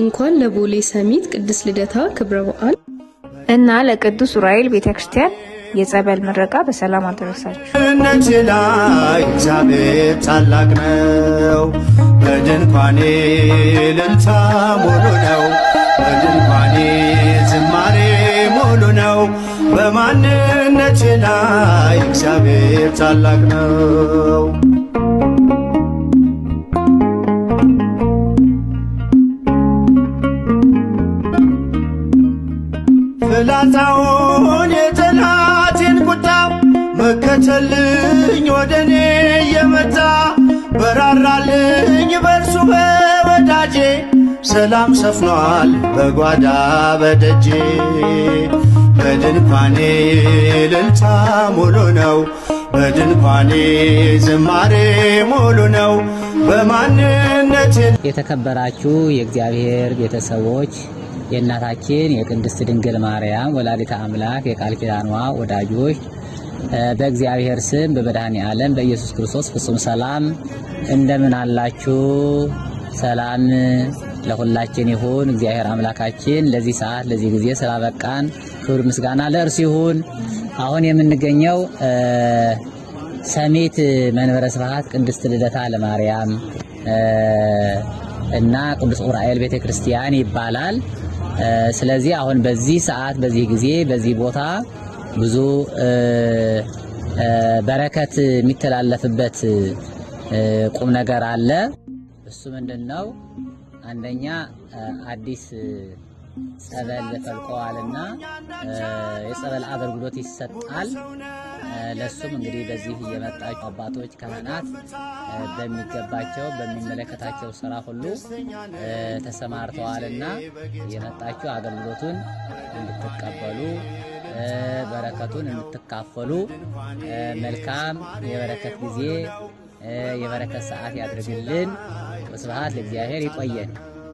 እንኳን ለቦሌ ሰሚት ቅድስት ልደታ ክብረ በዓል እና ለቅዱስ ዑራኤል ቤተክርስቲያን የጸበል ምረቃ በሰላም አደረሳችሁ። ላይ እግዚአብሔር ታላቅ ነው። በድንኳኔ ልልታ ሙሉ ነው። በድንኳኔ ዝማሬ ሙሉ ነው። በማንነቴ ላይ እግዚአብሔር ታላቅ ነው። ፍላጻውን የጠላቴን ቁጣ መከተልኝ ወደ እኔ የመጣ በራራልኝ በእርሱ በወዳጄ ሰላም ሰፍኗል በጓዳ በደጄ በድንኳኔ እልልታ ሙሉ ነው በድንኳኔ ዝማሬ ሙሉ ነው በማንነት የተከበራችሁ የእግዚአብሔር ቤተሰቦች የእናታችን የቅድስት ድንግል ማርያም ወላዲተ አምላክ የቃል ኪዳኗ ወዳጆች በእግዚአብሔር ስም በመድኃኔ ዓለም በኢየሱስ ክርስቶስ ፍጹም ሰላም እንደምን አላችሁ? ሰላም ለሁላችን ይሁን። እግዚአብሔር አምላካችን ለዚህ ሰዓት ለዚህ ጊዜ ስላበቃን ክብር ምስጋና ለእርሱ ይሁን። አሁን የምንገኘው ሰሜት መንበረ ስብሐት ቅድስት ልደታ ለማርያም እና ቅዱስ ዑራኤል ቤተክርስቲያን ይባላል። ስለዚህ አሁን በዚህ ሰዓት፣ በዚህ ጊዜ፣ በዚህ ቦታ ብዙ በረከት የሚተላለፍበት ቁም ነገር አለ። እሱ ምንድን ነው? አንደኛ አዲስ ጸበል ፈልቀዋልና የጸበል አገልግሎት ይሰጣል። ለሱም እንግዲህ በዚህ እየመጣችሁ አባቶች ካህናት በሚገባቸው በሚመለከታቸው ስራ ሁሉ ተሰማርተዋልና የመጣችሁ አገልግሎቱን እንድትቀበሉ በረከቱን እንድትካፈሉ መልካም የበረከት ጊዜ የበረከት ሰዓት ያድርግልን። ስብሐት ለእግዚአብሔር። ይቆየን።